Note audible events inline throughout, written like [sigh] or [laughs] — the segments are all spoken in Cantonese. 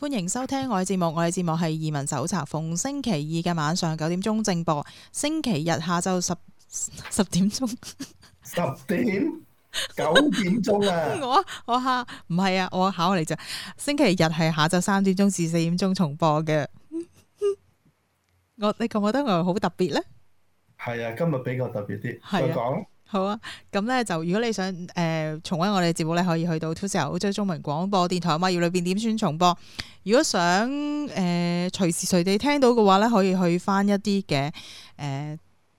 歡迎收聽我哋節目。我哋節目係移民手冊，逢星期二嘅晚上九點鐘正播，星期日下晝十。十點鐘，十 [laughs] 點九點鐘啊！ [laughs] 我我吓唔係啊，我考嚟就星期日係下晝三點鐘至四點鐘重播嘅。 [laughs] 我你覺唔覺得我好特別呢？係啊，今日比較特別啲。啊、再講講好啊，咁呢，就如果你想誒、呃、重溫我哋節目咧，可以去到 2CR 即係中文廣播電台啊嘛，入裏邊點選重播。如果想誒隨、呃、時隨地聽到嘅話呢，可以去翻一啲嘅誒。呃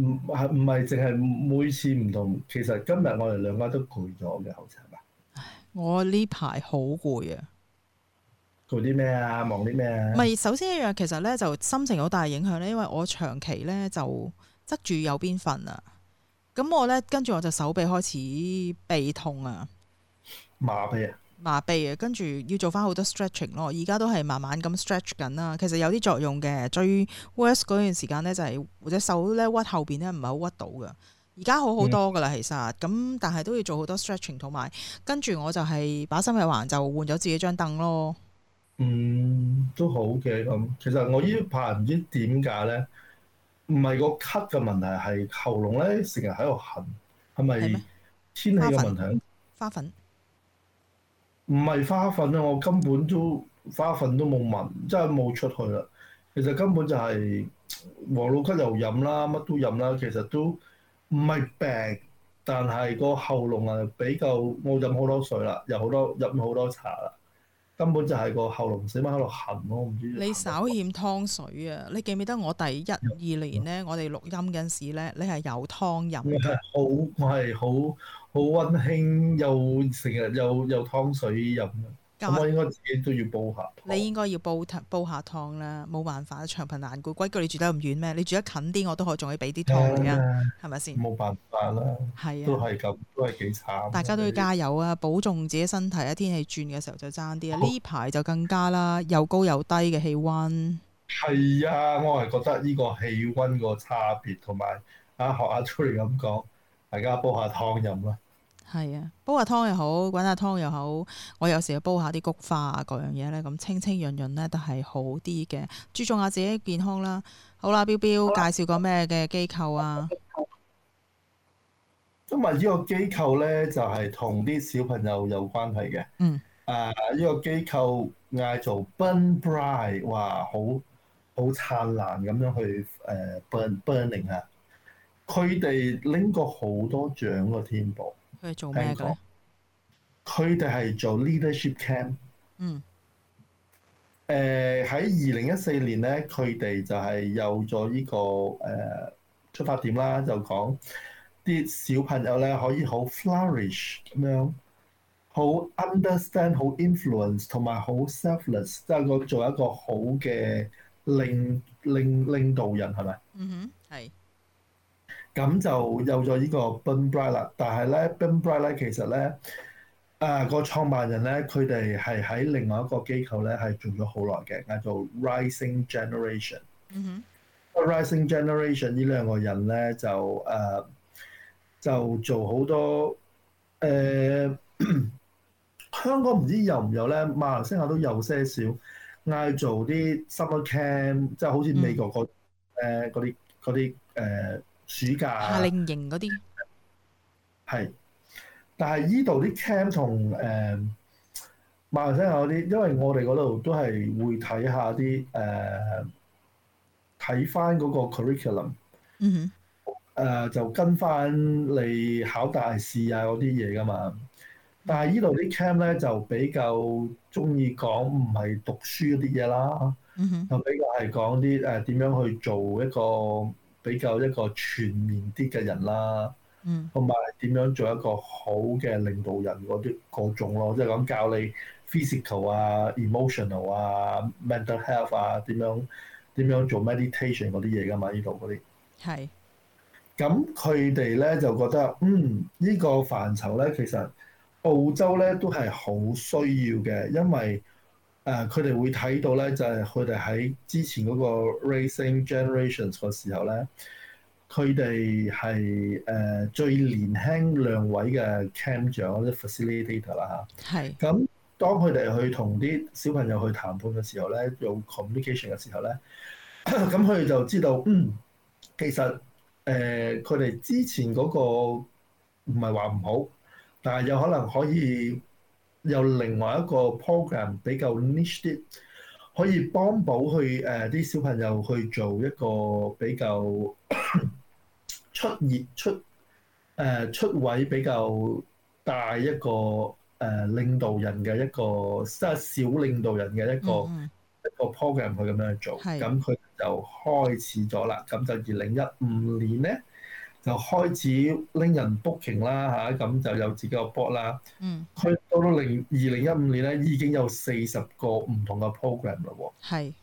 唔係唔係，淨係每次唔同。其實今日我哋兩家都攰咗嘅，好似係嘛？我呢排好攰啊！攰啲咩啊？忙啲咩啊？唔係首先一樣，其實咧就心情好大影響咧，因為我長期咧就側住右邊瞓啊，咁我咧跟住我就手臂開始痹痛啊，麻痹啊！麻痹啊，跟住要做翻好多 stretching 咯。而家都係慢慢咁 stretch 緊啦。其實有啲作用嘅。最 worst 嗰段時間咧，就是，就係或者手咧屈後邊咧，唔係好屈到嘅。而家好好多噶啦，其實咁，但係都要做好多 stretching 同埋。跟住我就係把心嘅橫就換咗自己張凳咯。嗯，都好嘅咁，嗯。其實我呢排唔知點解咧，唔係個咳嘅問題，係喉嚨咧成日喺度痕，係咪天氣嘅問題？花粉。花粉唔係花粉啦，我根本都花粉都冇聞，真係冇出去啦。其實根本就係王老吉又飲啦，乜都飲啦。其實都唔係病，但係個喉嚨啊比較我飲好多水啦，又好多飲好多茶啦，根本就係個喉嚨死埋喺度痕。我唔知你少欠湯水啊？你記唔記得我第一、嗯、二年咧，我哋錄音嗰陣時咧，你係有湯飲嘅。好，我係好。好溫馨，又成日又有湯水飲，咁這樣 我應該自己都要煲下。你應該要煲煲下湯啦，冇辦法，長平難顧歸居。鬼你住得咁遠咩？你住得近啲，我都可以仲可以俾啲湯啊，係咪先？冇辦法啦、哦，都係咁，都係幾慘。大家都要加油啊！保重自己身體啊！天氣轉嘅時候就爭啲啊！呢排、哦、就更加啦，又高又低嘅氣溫。係啊，我係覺得呢個氣溫個差別同埋啊，學阿 Joy 咁講。大家煲下湯飲啦，係啊，煲下湯又好，滾下湯又好。我有時煲下啲菊花啊，各樣嘢咧，咁清清潤潤咧，都係好啲嘅。注重下自己健康啦。好啦，Bill Bill< 啦>介紹個咩嘅機構啊？咁咪呢個機構咧，就係同啲小朋友有關係嘅。嗯。誒、啊，依、呢個機構嗌做 Burn Bright，話好好燦爛咁樣去誒 burning 啊！佢哋拎過好多獎，個天保，佢做咩嘅？佢哋係做 leadership camp。嗯。誒喺二零一四年咧，佢哋就係有咗呢、這個誒、呃、出發點啦，就講啲小朋友咧可以好 flourish 咁樣，好 understand，好 influence，同埋好 selfless，即係個做一個好嘅領領領導人係咪？嗯哼，係。咁就有咗依個 Burn Bright 啦，但係咧 Burn Bright 咧其實咧，誒個創辦人咧佢哋係喺另外一個機構咧係做咗好耐嘅，嗌做 Rising Generation。嗯哼。個 Rising Generation 依兩個人咧就，誒就做好多誒，香港唔知有唔有咧，馬來西亞都有些少嗌做啲 Summer Camp，即係好似美國個誒嗰啲嗰啲誒。暑假夏、啊、令、啊、營啲，係，但係依度啲 camp 同誒馬來西亞啲，因為我哋嗰度都係會睇下啲誒，睇翻嗰個 curriculum，嗯哼、呃、就跟翻你考大試啊嗰啲嘢㗎嘛，但係依度啲 camp 咧就比較鍾意講唔係讀書嗰啲嘢啦，就、嗯、哼比較係講啲誒點樣去做一個。比較一個全面啲嘅人啦，嗯，同埋點樣做一個好嘅領導人嗰啲個種咯，即係講教你 physical 啊、emotional 啊、mental health 啊，點樣點樣做 meditation 嗰啲嘢噶嘛？是呢度嗰啲係，咁佢哋咧就覺得嗯呢、呢個範疇咧其實澳洲咧都係好需要嘅，因為誒，佢哋會睇到咧，就係佢哋喺之前嗰個 Racing Generations 嘅時候咧，佢哋係誒最年輕兩位嘅 Cam 長即係 Facilitator 啦嚇。係是。咁當佢哋去同啲小朋友去談判嘅時候咧，用 Communication 嘅時候咧，咁佢哋就知道，嗯，其實誒佢哋之前嗰個唔係話唔好，但係有可能可以。有另外一個 program，比較 niche 啲，可以幫補去誒啲、呃、小朋友去做一個比較 [coughs] 出熱出誒、呃、出位比較大一個誒、呃、領導人嘅一個即係小領導人嘅一個一個 program 去咁樣做，咁佢、mm hmm. 就開始咗啦。咁就二零一五年咧。就開始拎人 booking 啦吓，咁、啊、就有自己個 blog 啦。嗯，佢到到零二零一五年咧，已經有四十個唔同嘅 program 啦喎。係是。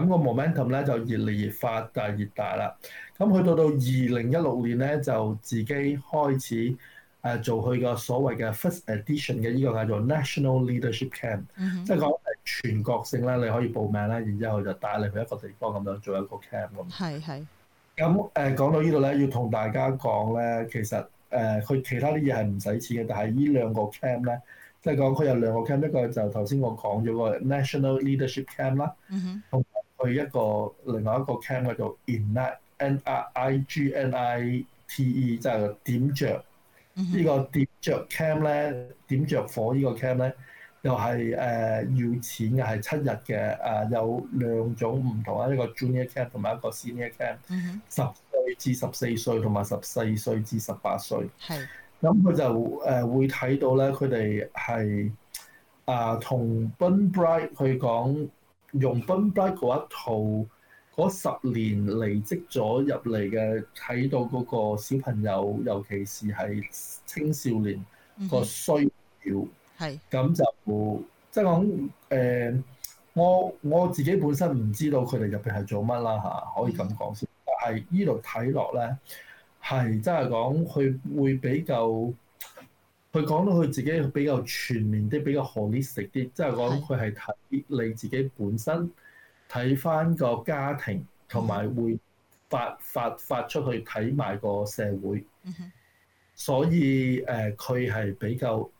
咁個 momentum 咧就越嚟越發大越大啦。咁去到到二零一六年咧，就自己開始誒做佢嘅所謂嘅 first edition 嘅呢個叫做 national leadership camp，、嗯、哼即係講係全國性啦，你可以報名啦，然之後就帶你去一個地方咁樣做一個 camp 咁。係係。咁誒講到呢度咧，要同大家講咧，其實誒佢其他啲嘢係唔使錢嘅，但係呢兩個 camp 咧，即係講佢有兩個 c a m，一個就頭先我講咗個 National Leadership c a m 啦，同佢一個另外一個 c a m 叫做 i n n r i g n i t e，即係點著呢個點着 camp 咧，點着火呢個 camp 咧。又係誒要錢嘅，係七日嘅。誒有兩種唔同啊，一個 Junior camp 同埋一個 Senior camp，mm。Hmm. 十歲至十四歲同埋十四歲至十八歲。係是。咁佢就誒會睇到咧，佢哋係啊，同 Burn Bright 去講，用 Burn Bright 嗰一套，十年累積咗入嚟嘅，睇到嗰個小朋友，尤其是係青少年個需要。Mm hmm. 係，咁是就即係講誒，我我自己本身唔知道佢哋入邊係做乜啦嚇，可以咁講先。嗯、但係依度睇落咧，係即係講佢會比較，佢講到佢自己比較全面啲，比較合理性啲，即係講佢係睇你自己本身，睇翻個家庭，同埋會發發發出去睇埋個社會。嗯、哼所以誒，佢、呃、係比較。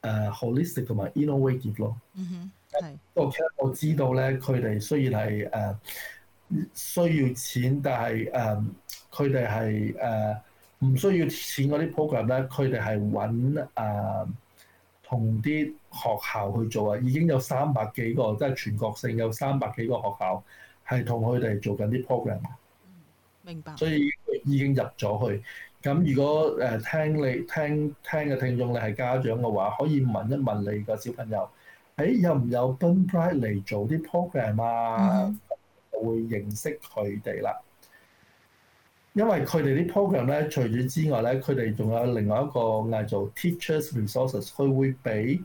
誒、uh, holistic 同埋 innovative 咯，嗯哼，係。不過我知道咧，佢哋雖然係誒、uh, 需要錢，但係誒佢哋係誒唔需要錢嗰啲 program 咧，佢哋係揾誒同啲學校去做啊。已經有三百幾個，即係全國性有三百幾個學校係同佢哋做緊啲 program。明白。所以已經入咗去。咁如果誒聽你聽聽嘅聽眾咧係家長嘅話，可以問一問你個小朋友，誒、欸、有唔有 Burn Bright 嚟做啲 program 啊？Mm hmm. 會認識佢哋啦。因為佢哋啲 program 咧，除咗之外咧，佢哋仲有另外一個嗌做 teachers resources，佢會俾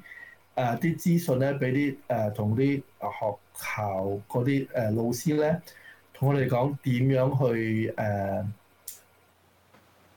誒啲資訊咧，俾啲誒同啲學校嗰啲誒老師咧，同我哋講點樣去誒。呃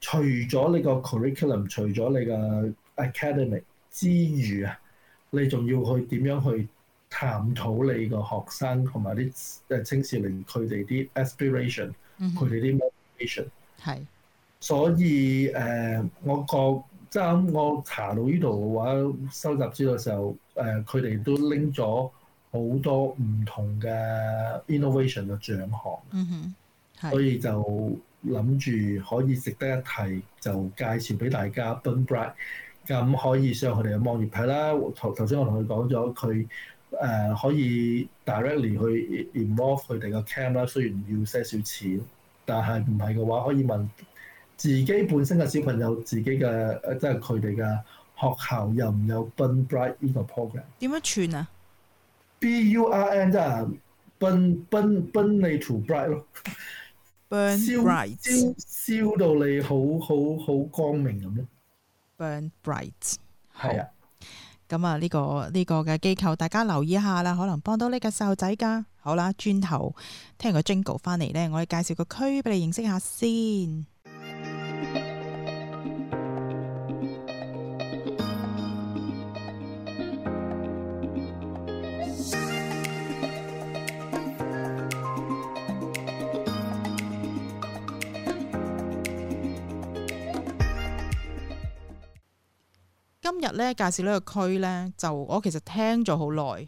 除咗你個 curriculum，除咗你個 academic 之餘啊，你仲要去點樣去探討你個學生同埋啲誒青少年佢哋啲 aspiration，佢哋啲 motivation。係、嗯哼，是所以誒、呃，我覺即我查到呢度嘅話，收集資料嘅時候誒，佢、呃、哋都拎咗好多唔同嘅 innovation 嘅獎項。嗯哼，所以就。諗住可以值得一提，就介紹俾大家 Burn Bright，咁可以上佢哋嘅網頁睇啦。頭頭先我同佢講咗，佢誒可以 directly 去 involve 佢哋嘅 camp 啦。雖然要些少錢，但係唔係嘅話，可以問自己本身嘅小朋友，自己嘅即係佢哋嘅學校有唔有 Burn Bright 呢個 program？點樣串啊？B U R N 即係？Burn Burn Burn into bright 咯。Burn Bright 燒到你好好好光明咁咯！Burn Bright，係啊，咁啊呢個呢、呢個嘅機構，大家留意一下啦，可能幫到呢個細路仔噶。好啦，轉頭聽完個 Jingle 翻嚟咧，我哋介紹個區俾你認識下先。今日咧介紹呢個區咧，就我其實聽咗好耐，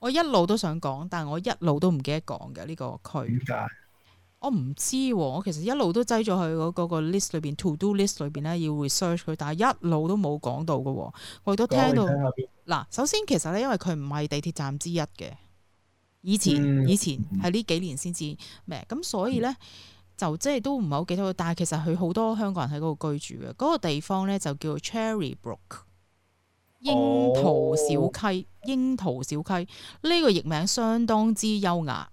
我一路都想講，但我一路都唔記得講嘅呢個區。點解？我唔知喎、啊，我其實一路都擠咗去嗰個 list 裏邊，to do list 裏邊咧要 research 佢，但係一路都冇講到嘅喎。我亦都聽到。嗱，首先其實咧，因為佢唔係地鐵站之一嘅，以前、嗯、以前係呢、嗯、幾年先至咩，咁所以咧。嗯就即係都唔係好記得，但係其實佢好多香港人喺嗰度居住嘅。嗰個地方咧就叫做 Cherry Brook，櫻桃小溪，櫻桃小溪、哦、櫻桃小溪呢、這個譯名相當之優雅。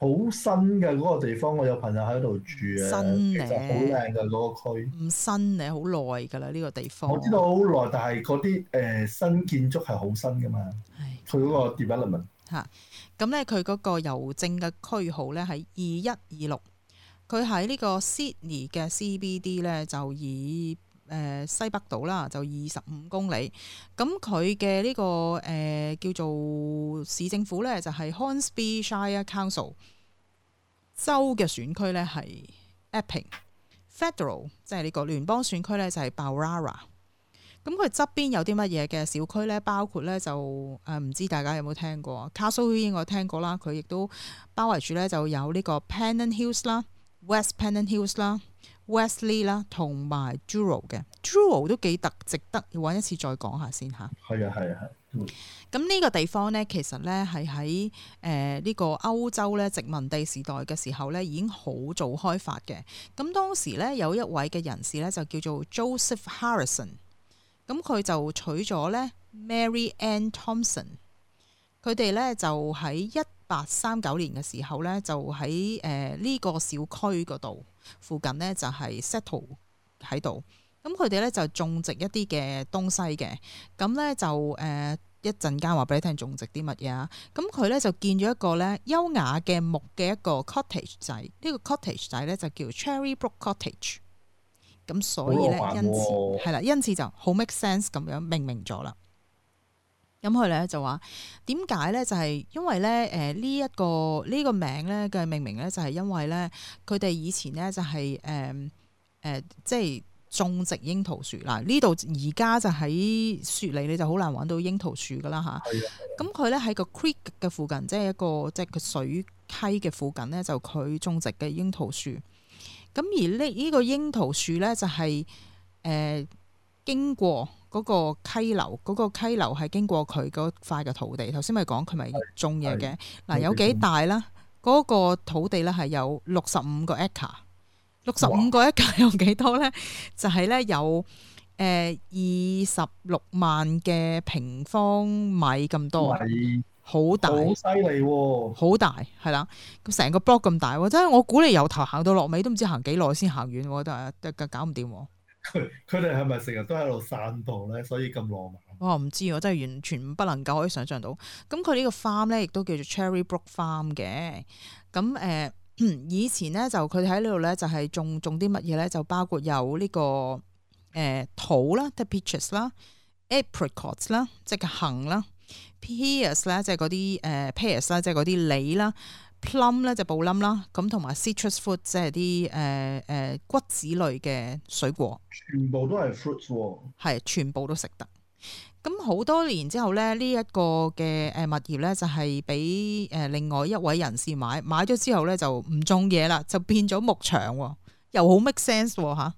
好新嘅嗰個地方，我有朋友喺度住啊，新嘅，好靚嘅嗰個區。唔新咧，好耐噶啦呢個地方。我知道好耐，但係嗰啲誒新建築係好新噶嘛。佢嗰、 [noise] 啊、個 development 吓，咁咧佢嗰個郵政嘅區號咧喺二一二六。佢喺呢個 Sydney 嘅 CBD 咧，就以誒、呃、西北島啦，就二十五公里。咁佢嘅呢個誒、呃、叫做市政府咧，就係、是、Hornsby Shire Council 州嘅選區咧，係 Epping Federal，即係呢個聯邦選區咧，就係、是、Berowra。咁佢側邊有啲乜嘢嘅小區咧？包括咧就誒唔、呃、知大家有冇聽過 Castle Hill，應該聽過啦。佢亦都包圍住咧就有呢個 Pennant Hills 啦。West Pennant Hills 啦，Wesley 啦，同埋 Dural 嘅 Dural 都幾特，值得要揾一次再講下先吓。係啊係啊係。咁 [noise] 呢個地方咧，其實咧係喺誒呢個歐洲咧殖民地時代嘅時候咧，已經好早開發嘅。咁當時咧有一位嘅人士咧就叫做 Joseph Harrison，咁佢就娶咗咧 Mary Ann Thompson，佢哋咧就喺一。八三九年嘅時候咧，就喺誒呢個小區嗰度附近呢，就係 settle 喺度。咁佢哋咧就種植一啲嘅東西嘅。咁咧就誒、呃、一陣間話俾你聽種植啲乜嘢啊。咁佢咧就建咗一個咧優雅嘅木嘅一個 cottage 仔。呢個 cottage 仔咧就叫 Cherry Brook Cottage。咁所以咧，因此係啦，因此就好 make sense 咁樣命名咗啦。咁佢咧就話點解咧？就係、是、因為咧、呢個，誒呢一個呢個名咧嘅命名咧、就係呃呃，就係因為咧，佢哋以前咧就係誒誒，即係種植櫻桃樹嗱。呢度而家就喺雪梨，你就好難揾到櫻桃樹噶啦吓，咁佢咧喺個 creek 嘅附近，即、就、係、是、一個即係佢水溪嘅附近咧，就佢種植嘅櫻桃樹。咁而呢呢個櫻桃樹咧、就係，就係誒經過。嗰個溪流，嗰、嗰個溪流係經過佢嗰塊嘅土地。頭先咪講佢咪種嘢嘅，嗱有幾大啦？嗰、嗰個土地咧係有六十五個 acre 六十五個 acre 有幾多咧？哇 就係咧有誒二十六萬嘅平方米咁多，好米大，好犀利喎，好大係啦。咁成個 block 咁大喎，真係我估你由頭行到落尾都唔知行幾耐先行完喎，都係都搞唔掂喎。佢哋係咪成日都喺度散步咧？所以咁浪漫？我唔、哦、知，我真係完全不能夠可以想像到。咁佢呢個 farm 咧，亦都叫做 Cherrybrook Farm 嘅。咁誒、呃，以前咧就佢喺呢度咧就係種種啲乜嘢咧？就包括有呢、這個誒桃啦，the peaches 啦，apricots 啦，即係杏啦，pears 啦，即係嗰啲誒 pears 啦，就是、ruling, s，即係嗰啲梨啦。plum 咧就是、布冧啦，咁同埋 citrus fruit 即係啲誒誒骨子類嘅水果全、哦，全部都係 fruits 喎，係全部都食得。咁好多年之後咧，呢、這、一個嘅誒物業咧就係俾誒另外一位人士買，買咗之後咧就唔種嘢啦，就變咗牧場，又好 make sense 吓、哦，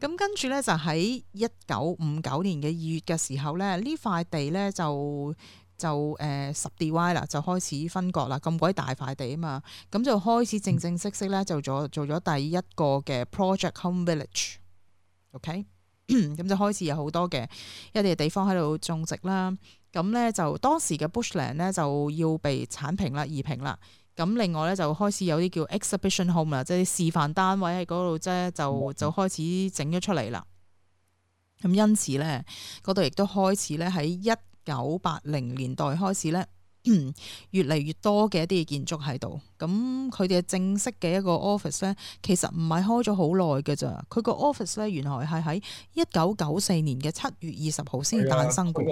咁跟住咧就喺一九五九年嘅二月嘅時候咧，呢塊地咧就。就誒、呃、十 D Y 啦，就開始分割啦。咁鬼大塊地啊嘛，咁就開始正正式式咧，就做做咗第一個嘅 project home village okay?OK， [coughs] 咁就開始有好多嘅一啲地方喺度種植啦。咁咧就當時嘅 Bushland 咧就要被剷平啦、移平啦。咁另外咧就開始有啲叫 exhibition home 啦，即係示範單位喺嗰度啫，就就開始整咗出嚟啦。咁因此咧，嗰度亦都開始咧喺一九八零年代開始咧 [coughs] 越嚟越多嘅一啲建築喺度。咁佢哋嘅正式嘅一個 office 咧，其實唔係開咗好耐嘅咋，佢個 office 咧，原來係喺一九九四年嘅七月二十號先誕生嘅。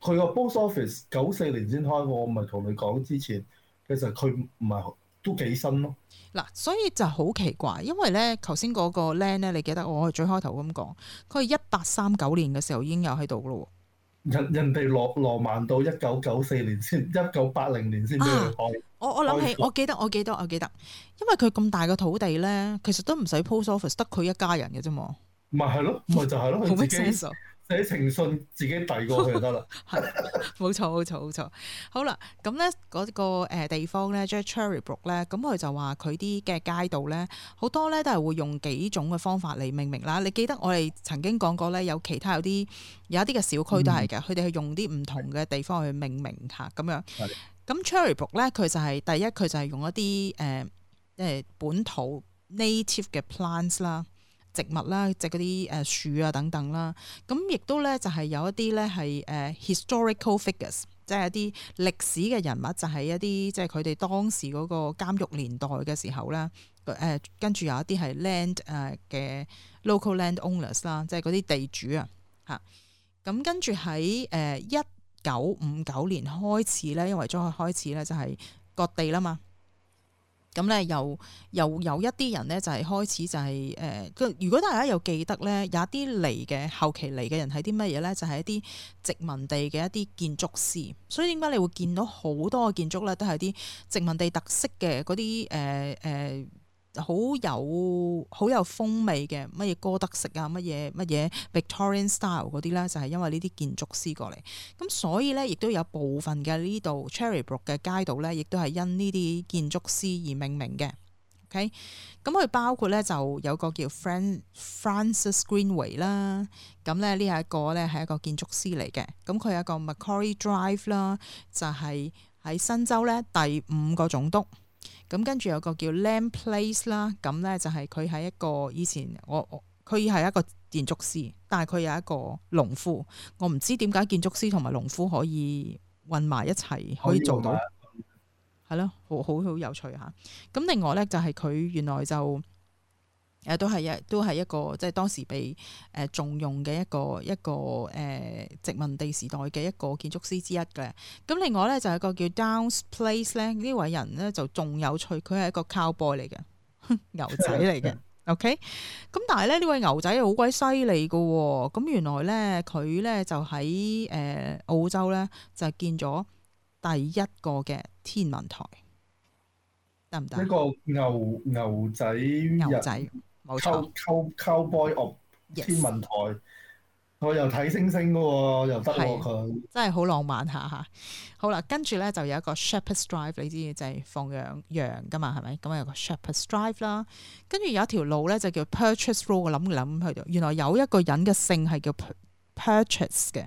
佢個、啊、post office 九四年先開。我唔咪同你講之前，其實佢唔係都幾新咯。嗱，所以就好奇怪，因為咧，頭先嗰個 land 咧，你記得我係最開頭咁講，佢係一八三九年嘅時候已經有喺度噶啦。人人哋落浪漫到一九九四年先，一九八零年先出去講。啊、我我諗起我，我記得我記得我記得，因為佢咁大個土地咧，其實都唔使 post office，得佢一家人嘅啫嘛。咪係咯，咪就係咯，冇乜 sense。你寫情信自己遞過去就得啦，係冇錯，冇錯，冇錯。好啦，咁咧嗰個誒地方咧，即係 Cherrybrook 咧，咁佢就話佢啲嘅街道咧，好多咧都係會用幾種嘅方法嚟命名啦。你記得我哋曾經講過咧，有其他有啲有一啲嘅小區都係嘅，佢哋係用啲唔同嘅地方去命名下咁樣。咁 Cherrybrook 咧，佢就係第一，佢就係用一啲誒即係本土 native 嘅 plants 啦。植物啦，即嗰啲誒樹啊等等啦，咁亦都咧就係有一啲咧係誒 historical figures，即係一啲歷史嘅人物，就係、是、一啲即係佢哋當時嗰個監獄年代嘅時候咧，誒跟住有一啲係 land 誒、呃、嘅 local land owners 啦，即係嗰啲地主啊吓，咁跟住喺誒一九五九年開始咧，因為將佢開始咧就係割地啦嘛。咁咧、嗯、又又有一啲人咧就係、是、開始就係、是、誒、呃，如果大家有記得咧，有一啲嚟嘅後期嚟嘅人係啲乜嘢咧？就係、是、一啲殖民地嘅一啲建築師，所以點解你會見到好多嘅建築咧都係啲殖民地特色嘅嗰啲誒誒。呃呃好有好有風味嘅乜嘢歌德式啊、乜嘢乜嘢 Victorian style 嗰啲咧，就係因為呢啲建築師過嚟，咁所以咧亦都有部分嘅呢度 Cherrybrook 嘅街道咧，亦都係因呢啲建築師而命名嘅。OK，咁佢包括咧就有個叫 Fran, Francis Greenway 啦，咁咧呢係一個咧係一個建築師嚟嘅，咁佢有一個 Macquarie Drive 啦，就係喺新州咧第五個總督。咁跟住有個叫 Lamb Place 啦，咁呢就係佢係一個以前我我佢係一個建築師，但係佢有一個農夫，我唔知點解建築師同埋農夫可以混埋一齊可以可以做到，係咯，好好好好有趣嚇。咁另外呢，就係佢原來就。誒都係一都係一個即係當時被誒重用嘅一個一個誒、呃、殖民地時代嘅一個建築師之一嘅。咁另外咧就係個叫 Downs Place 咧，呢位人咧就仲有趣，佢係一個 cowboy 嚟嘅，牛仔嚟嘅。 [laughs] OK，咁但係咧，呢位牛仔係好鬼犀利嘅。咁原來咧，佢咧就喺誒、呃、澳洲咧就建咗第一個嘅天文台，得唔得？一個牛牛仔牛仔。c o cow boy 天文台，我 Yes. 又睇星星噶喎，又得喎佢是他真係好浪漫一下吓。好啦，跟住咧就有一個 Shepherd's Drive，你知就係、是、放羊羊噶嘛，係咪咁啊？有個 Shepherd's Drive 啦，跟住有一條路咧就叫 Purchase Road，我諗諗去到，原來有一個人嘅姓係叫 Purchase 嘅，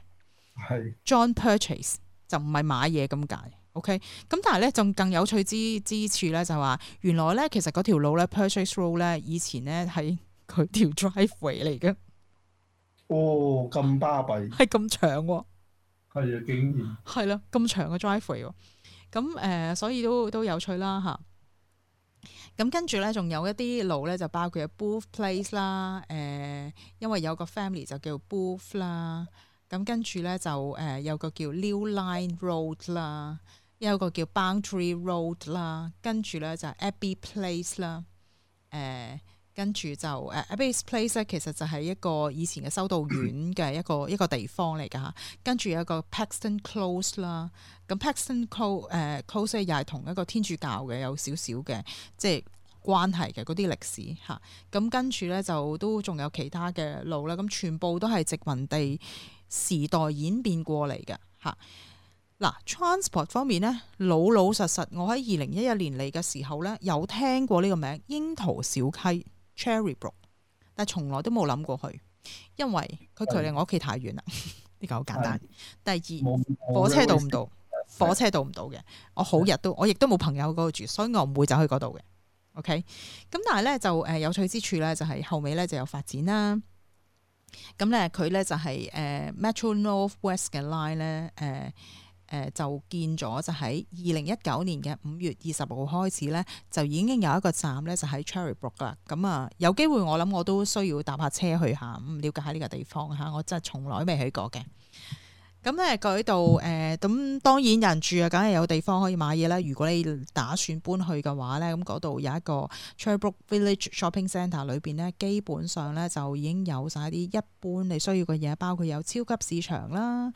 係是 John Purchase 就唔係買嘢咁解。OK，咁但係咧仲更有趣之之處咧就係話，原來咧其實嗰條路咧 Purchase Road 咧以前咧係佢條 driveway 嚟嘅。哦，咁巴閉。係咁長喎、哦。係啊，竟然。係咯，咁長嘅 driveway 喎。咁誒、呃，所以都都有趣啦吓，咁、啊、跟住咧，仲有一啲路咧，就包括有 Booth Place 啦，誒，因為有個 family 就叫 Booth 啦、啊。咁跟住咧就誒有個叫 New Line Road 啦。有個叫 Boundary Road 啦、呃，跟住咧就 Abbey Place 啦，誒跟住就誒 Abbey Place 咧，其實就係一個以前嘅修道院嘅一個一個地方嚟㗎嚇。一 Close, Close，呃、跟住有個 Paxton Close 啦，咁 Paxton Close 誒 Close 又係同一個天主教嘅有少少嘅即係關係嘅嗰啲歷史嚇。咁跟住咧就都仲有其他嘅路啦，咁全部都係殖民地時代演變過嚟嘅。嚇、啊。嗱，transport 方面咧，老老實實，我喺二零一一年嚟嘅時候咧，有聽過呢個名櫻桃小溪 （Cherrybrook），但係從來都冇諗過佢，因為佢距離我屋企太遠啦。呢的 [laughs] 個好簡單。第二，的火車到唔到？的火車到唔到嘅，我好日都的我亦都冇朋友嗰度住，所以我唔會走去嗰度嘅。OK，咁但係咧就誒有趣之處咧就係後尾咧就有發展啦。咁咧佢咧就係、是、誒、呃、Metro North West 嘅 line 咧、呃、誒。呃誒就建咗，就喺二零一九年嘅五月二十號開始呢，就已經有一個站呢，就喺 Cherrybrook 啦。咁啊，有機會我諗我都需要搭下車去下，咁了解下呢個地方嚇，我真係從來未去過嘅。咁咧，嗰度誒，咁、呃、當然人住啊，梗係有地方可以買嘢啦。如果你打算搬去嘅話咧，咁嗰度有一個 Cherrybrook Village Shopping Centre，裏邊咧基本上咧就已經有晒啲一,一般你需要嘅嘢，包括有超級市場啦。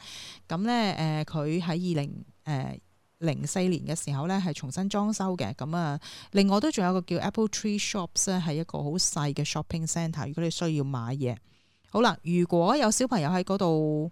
咁咧誒，佢喺二零誒零四年嘅時候咧係重新裝修嘅。咁啊，另外都仲有一個叫 Apple Tree Shops 咧，係一個好細嘅 shopping centre。如果你需要買嘢，好啦，如果有小朋友喺嗰度。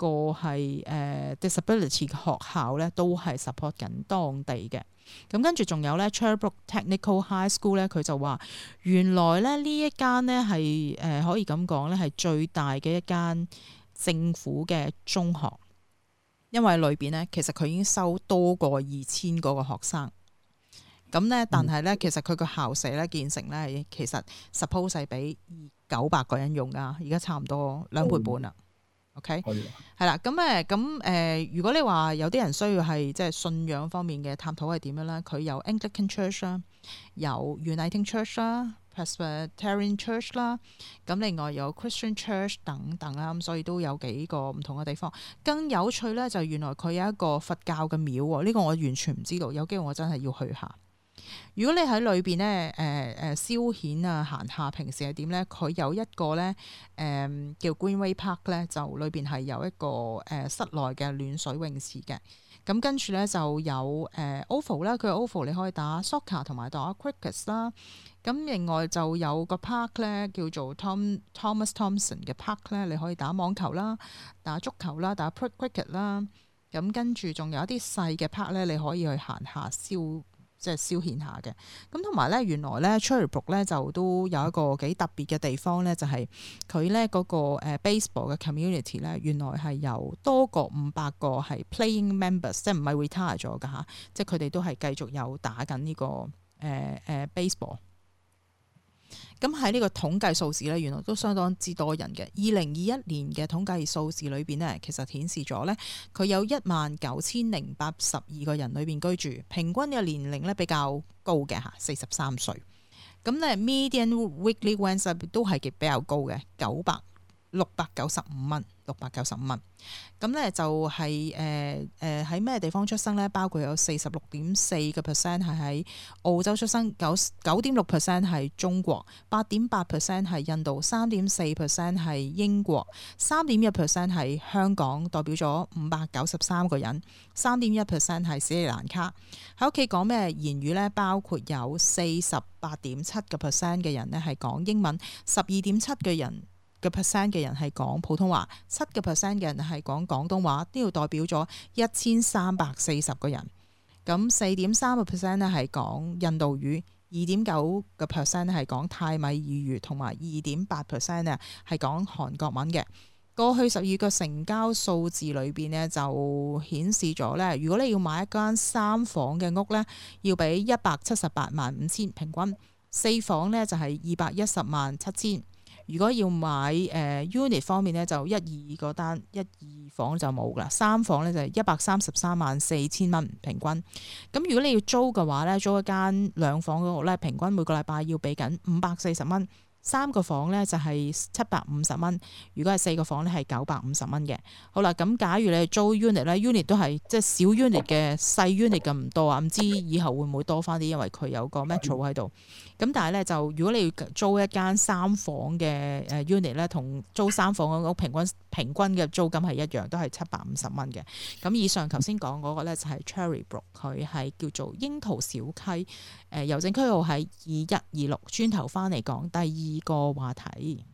個係誒、uh, disability 嘅學校咧，都係 support 緊當地嘅。咁跟住仲有咧 Cherrybrook Technical High School 咧，佢就話原來咧呢一間呢係誒、呃、可以咁講咧係最大嘅一間政府嘅中學，因為裏邊呢，其實佢已經收多過二千個嘅學生。咁咧，但係咧、嗯、其實佢個校舍咧建成咧其實 suppose 係俾九百個人用噶，而家差唔多兩倍半啦。嗯 OK，可以。係啦，咁誒，咁 [noise] 誒、嗯嗯，如果你話有啲人需要係即係信仰方面嘅探討係點樣咧，佢有 Anglican Church 啦、啊，有 Uniting Church 啦，Presbyterian Church 啦，咁、嗯、另外有 Christian Church 等等啦，咁、嗯、所以都有幾個唔同嘅地方。更有趣咧，就原來佢有一個佛教嘅廟喎，呢、呢個我完全唔知道，有機會我真係要去下。如果你喺裏邊咧，誒、呃、誒、呃、消遣啊，行下，平時係點咧？佢有一個咧，誒、呃、叫 Greenway Park 咧，就裏邊係有一個誒室內嘅暖水泳池嘅。咁、嗯、跟住咧就有誒、呃、oval 啦，咧，佢 oval 你可以打 soccer 同埋打 cricket 啦、啊。咁另外就有個 park 咧叫做 Thomas Thompson 嘅 park 咧，你可以打網球啦、打足球啦、打 prick cricket 啦、啊。咁、嗯、跟住仲有一啲細嘅 park 咧，你可以去行下消。即係消遣下嘅，咁同埋咧，原來咧 Cherrybrook 咧就都有一個幾特別嘅地方咧，就係佢咧嗰個、呃、baseball 嘅 community 咧，原來係有多過個五百個係 playing members，即係唔係 retire 咗㗎嚇、啊，即係佢哋都係繼續有打緊、這、呢個誒誒 baseball。呃呃 Base 咁喺呢個統計數字咧，原來都相當之多人嘅。二零二一年嘅統計數字裏邊呢，其實顯示咗呢，佢有一萬九千零八十二個人裏邊居住，平均嘅年齡呢比較高嘅嚇，四十三歲。咁呢，median weekly rent 都係極比較高嘅，九百六百九十五蚊，六百九十五蚊，咁呢就係誒、誒，喺咩地方出生呢？包括有四十六點四個 percent 係喺澳洲出生，九九點六 percent 係中國，八點八 percent 係印度，三點四 percent 係英國，三點一 percent 係香港，代表咗五百九十三個人，三點一 percent 係斯里蘭卡。喺屋企講咩言語呢？包括有四十八點七個 percent 嘅人呢係講英文，十二點七嘅人個 percent 嘅人係講普通話，七個 percent 嘅人係講廣東話，都要代表咗一千三百四十個人。咁四點三個 percent 咧係講印度語，二點九個 percent 係講泰米爾語，同埋二點八 percent 呢係講韓國文嘅。過去十二個成交數字裏邊呢就顯示咗呢：如果你要買一間三房嘅屋呢，要俾一百七十八萬五千平均，四房呢就係二百一十萬七千。如果要買誒、呃、unit 方面咧，就一二個單，一二房就冇啦。三房咧就係一百三十三萬四千蚊平均。咁如果你要租嘅話咧，租一間兩房嗰度咧，平均每個禮拜要俾緊五百四十蚊。三個房咧就係七百五十蚊，如果係四個房咧係九百五十蚊嘅。好啦，咁假如你租 unit 咧，unit 都係即係小 unit 嘅細 unit 咁唔多啊？唔知以後會唔會多翻啲，因為佢有個 metro 喺度。咁但係咧就如果你要租一間三房嘅誒 unit 咧，同租三房嘅屋平均平均嘅租金係一樣，都係七百五十蚊嘅。咁以上頭先講嗰個咧就係 Cherrybrook，佢係叫做櫻桃小溪誒郵政區號係二一二六，轉頭翻嚟講第二。呢個話題。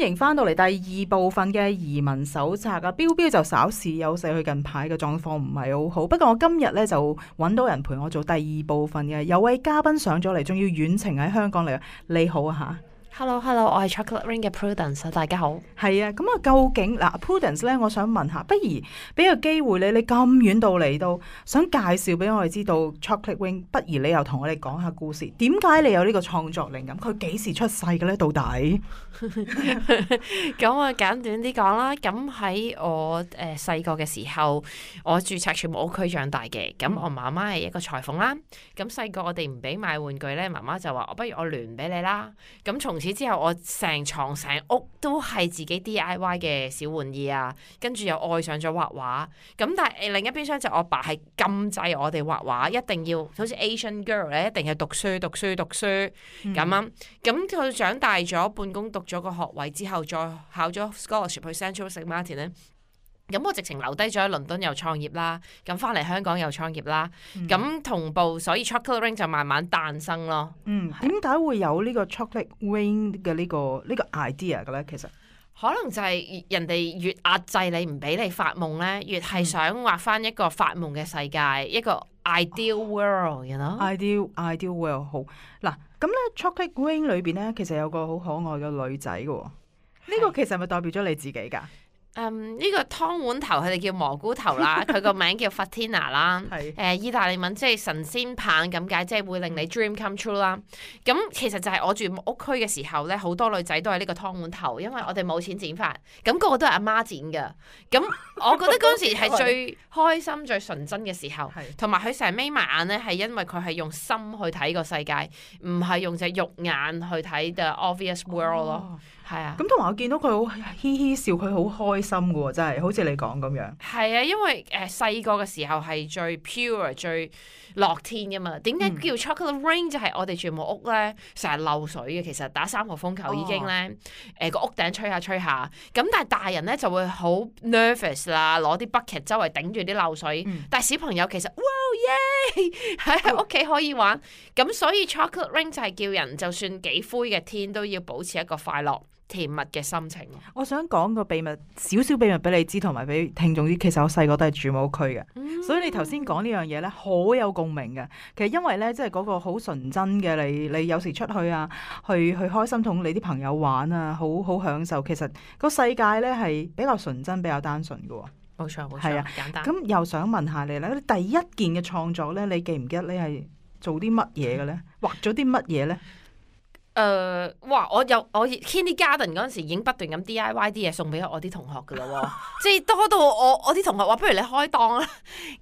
歡迎翻到嚟第二部分嘅移民手冊啊，標標就稍事有細去近排嘅狀況唔係好好，不過我今日呢就揾到人陪我做第二部分嘅，有位嘉賓上咗嚟，仲要遠程喺香港嚟，你好啊 Hello，Hello，hello，我係 Chocolate Rain 嘅 Prudence，大家好。係啊，咁、嗯、啊，究竟嗱，Prudence 咧，我想問下，不如俾個機會你，你咁遠到嚟都想介紹俾我哋知道 Chocolate Rain，不如你又同我哋講下故事，點解你有呢個創作靈感？佢幾時出世嘅咧？到底？咁我簡短啲講啦。咁喺我誒細個嘅時候，我注冊全部屋區長大嘅。咁我媽媽係一個裁縫啦。咁細個我哋唔俾買玩具咧，媽媽就話：我不如我聯俾你啦。咁從此之後，我成床成屋都係自己 D I Y 嘅小玩意啊，跟住又愛上咗畫畫。咁但係另一邊廂就我爸係禁制我哋畫畫，一定要好似 Asian Girl 咧，一定要讀書讀書讀書咁樣。咁佢、嗯、長大咗，半工讀咗個學位之後，再考咗 scholarship 去 Central Saint Martin 咧。咁我直情留低咗喺倫敦又創業啦，咁翻嚟香港又創業啦，咁、嗯、同步所以 Chocolate Rain 就慢慢誕生咯。嗯，點解會有呢個 Chocolate Rain 嘅呢、呢個呢、呢個 idea 嘅咧？其實可能就係人哋越壓制你唔俾你發夢咧，越係想畫翻一個發夢嘅世界，嗯、一個 ideal world、oh, You know? ideal ideal world 好嗱，咁咧 Chocolate Rain 裏邊咧，其實有個好可愛嘅女仔嘅喎。呢是個其實係咪代表咗你自己㗎？嗯，呢、這個湯碗頭佢哋叫蘑菇頭啦，佢個 [laughs] 名叫 Fatina 啦，誒是、呃，意大利文即係神仙棒咁解，即、就、係、是、會令你 dream come true 啦。咁其實就係我住屋區嘅時候咧，好多女仔都係呢個湯碗頭，因為我哋冇錢剪髮，咁、那個個都係阿媽剪噶。咁我覺得嗰時係最開心、最純真嘅時候，同埋佢成日眯埋眼咧，係因為佢係用心去睇個世界，唔係用隻肉眼去睇 The obvious world 咯。哦係啊，咁同埋我見到佢好嘻嘻笑，佢好開心嘅喎，真係好似你講咁樣。係啊，因為誒細個嘅時候係最 pure、最樂天嘅嘛。點解叫 Chocolate Rain、嗯、就係我哋住冇屋咧，成日漏水嘅。其實打三號風球已經咧，誒個、哦呃、屋頂吹下吹下。咁但係大人咧就會好 nervous 啦，攞啲 bucket 周圍頂住啲漏水。嗯、但係小朋友其實，哇耶！喺屋企可以玩。咁、哦、所以 Chocolate Rain 就係叫人，就算幾灰嘅天，都要保持一個快樂。甜蜜嘅心情。我想講個秘密，少少秘密俾你知，同埋俾聽眾知。其實我細個都係住冇區嘅，嗯、所以你頭先講呢樣嘢咧，好有共鳴嘅。其實因為咧，即係嗰個好純真嘅，你你有時出去啊，去去開心同你啲朋友玩啊，好好享受。其實個世界咧係比較純真，比較單純嘅喎。冇錯，冇錯，係啊，簡單。咁、嗯、又想問下你咧，你第一件嘅創作咧，你記唔記得你係做啲乜嘢嘅咧？ [laughs] 畫咗啲乜嘢咧？誒、呃，哇！我有我 Kindergarten 嗰陣時已經不斷咁 DIY 啲嘢送俾我啲同學噶啦喎， [laughs] 即係多到我我啲同學話不如你開檔啦。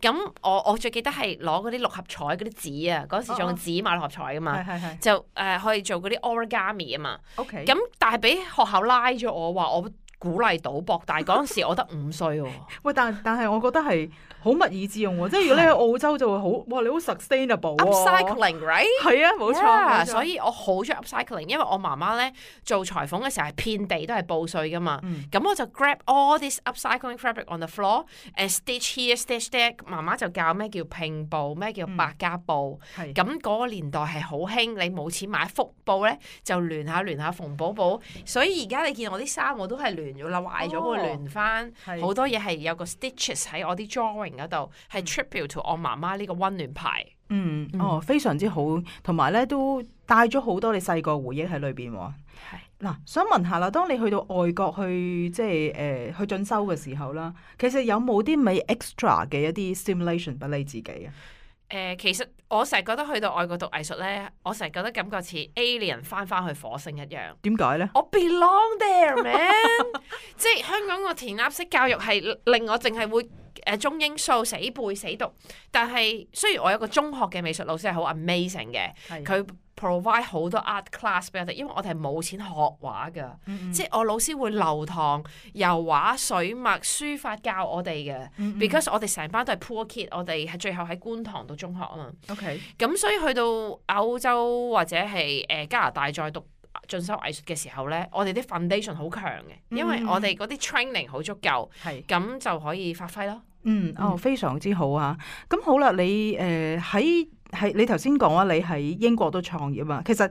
咁我我最記得係攞嗰啲六合彩嗰啲紙啊，嗰陣時仲有紙買六合彩噶嘛，哦哦、就誒、嗯呃、可以做嗰啲 origami 啊嘛。O K。咁但係俾學校拉咗我話我鼓勵賭博，但係嗰陣時我得五歲喎、啊。 [laughs] 喂，但但係我覺得係。好物以致用喎，即係如果你喺澳洲就會好，哇！你好 sustainable upcycling right？係啊，冇錯，yeah, 冇錯，所以我好中意 upcycling，因為我媽媽咧做裁縫嘅時候係遍地都係布碎噶嘛，咁、嗯、我就 grab all this upcycling fabric on the floor and stitch here, stitch there。媽媽就教咩叫拼布，咩叫百家布，咁嗰、嗯、個年代係好興，你冇錢買幅布咧，就聯下聯下馮寶寶。所以而家你見我啲衫我都係聯咗啦，壞咗會聯翻，好多嘢係有個 stitches 喺我啲 drawing。喺度係 tribute to 我媽媽呢個溫暖牌。嗯哦，非常之好，同埋咧都帶咗好多你細個回憶喺裏邊。係嗱，想問下啦，當你去到外國去即係誒去進修嘅時候啦，其實有冇啲美 extra 嘅一啲 simulation 俾你自己啊？誒，其實我成日覺得去到外國讀藝術咧，我成日覺得感覺似 alien 翻翻去火星一樣。點解咧？我 belong there man，即係香港個填鴨式教育係令我淨係會。誒中英數死背死讀，但係雖然我有個中學嘅美術老師係好 amazing 嘅，佢 provide 好多 art class 俾我哋，因為我哋係冇錢學畫㗎，嗯嗯即係我老師會留堂油畫、水墨、書法教我哋嘅，嗯嗯、because 我哋成班都係 poor kid，我哋係最後喺觀塘讀中學啊嘛，OK，咁所以去到歐洲或者係誒加拿大再讀進修藝術嘅時候咧，我哋啲 foundation 好強嘅，因為我哋嗰啲 training 好足夠，咁、嗯嗯、就可以發揮咯。嗯，哦，非常之好啊！咁好啦，你誒喺係你頭先講啊，你喺英國都創業啊嘛，其實。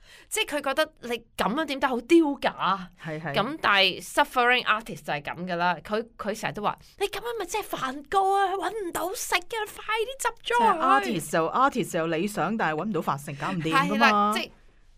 即係佢覺得你咁樣點得好丟架？係係是是 但。咁但係 suffering artist 就係咁噶啦。佢佢成日都話：你咁樣咪即係梵高啊！揾唔到食嘅，啊，快啲執咗。」artist 就 artist 就理想，但係揾唔到飯食，搞唔掂啊嘛。 [laughs]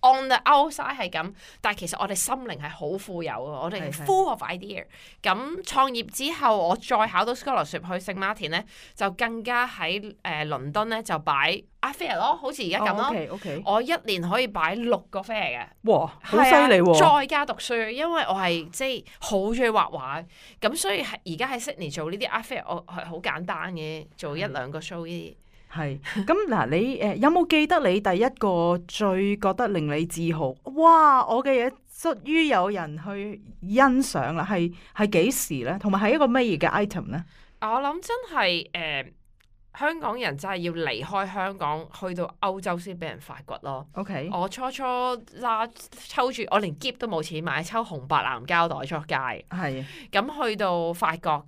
On the outside 係咁，但係其實我哋心靈係好富有嘅，我哋 full of idea 是是。咁創、嗯、業之後，我再考到 scholarship 去聖馬田咧，就更加喺誒倫敦咧就擺 art fair 咯，好似而家咁咯。Oh, okay, okay 我一年可以擺六個 fair 嘅，哇，好犀利喎！啊、再加讀書，因為我係即係好中意畫畫，咁、嗯、所以係而家喺悉尼做呢啲 art fair，我係好簡單嘅，做一兩個 show 啲。係，咁嗱， [laughs] 你誒有冇記得你第一個最覺得令你自豪，哇！我嘅嘢終於有人去欣賞啦，係係幾時咧？同埋係一個咩嘢嘅 item 咧？我諗真係誒、呃，香港人真係要離開香港去到歐洲先俾人發掘咯。OK，我初初拉抽住，我連喼都冇錢買，抽紅白藍膠袋出街，係咁是去到法國。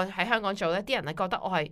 喺香港做咧，啲人咧覺得我係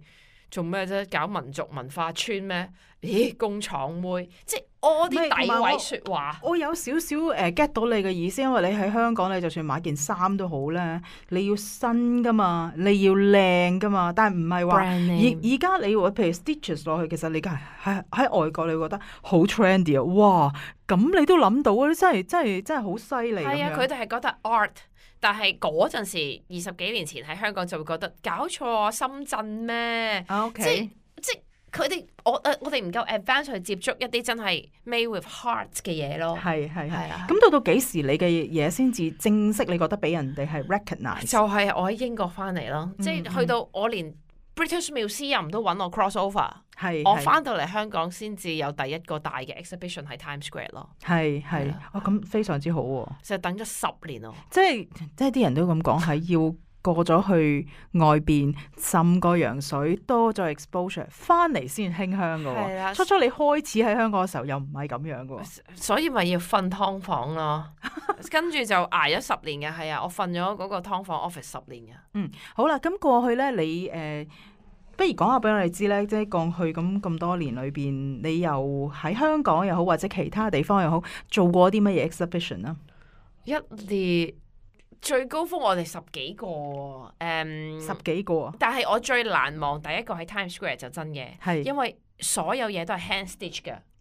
做咩啫？搞民族文化村咩？咦，工廠妹，即係我啲底位説話我。我有少少誒、uh, get 到你嘅意思，因為你喺香港，你就算買件衫都好咧，你要新噶嘛，你要靚噶嘛，但係唔係話。Brand name. 而而家你話，譬如 stitches 落去，其實你梗係喺喺外國，你會覺得好 trendy 啊！哇，咁你都諗到啊！真係真係真係好犀利。係啊，佢哋係覺得 art。但係嗰陣時二十幾年前喺香港就會覺得搞錯啊，深圳咩？Okay. 即係即係佢哋我誒，我哋唔夠 advance 去接觸一啲真係 made with heart 嘅嘢咯。係係係啊！咁到到幾時你嘅嘢先至正式？你覺得俾人哋係 recognize？就係我喺英國翻嚟咯，即係去到我連。嗯嗯 British Museum 都揾我 cross over，係是我翻到嚟香港先至有第一個大嘅 exhibition 喺 Times Square 咯，係係啊，咁非常之好喎、啊，成日等咗十年哦，即係即係啲人都咁講，係要過咗去外邊浸個洋水，多咗 exposure，翻嚟先興香噶，的初初你開始喺香港嘅時候又唔係咁樣噶，所以咪要瞓劏房咯， [laughs] 跟住就挨咗十年嘅，係啊，我瞓咗嗰個劏房 office 十年嘅，嗯好啦，咁過去咧你誒。呃不如講下俾我哋知咧，即係過去咁咁多年裏邊，你又喺香港又好，或者其他地方又好，做過啲乜嘢 exhibition 啦？一列最高峰我哋十幾個，誒、嗯、十幾個，但係我最難忘第一個喺 Times Square 就真嘅，係是因為所有嘢都係 hand stitch 嘅。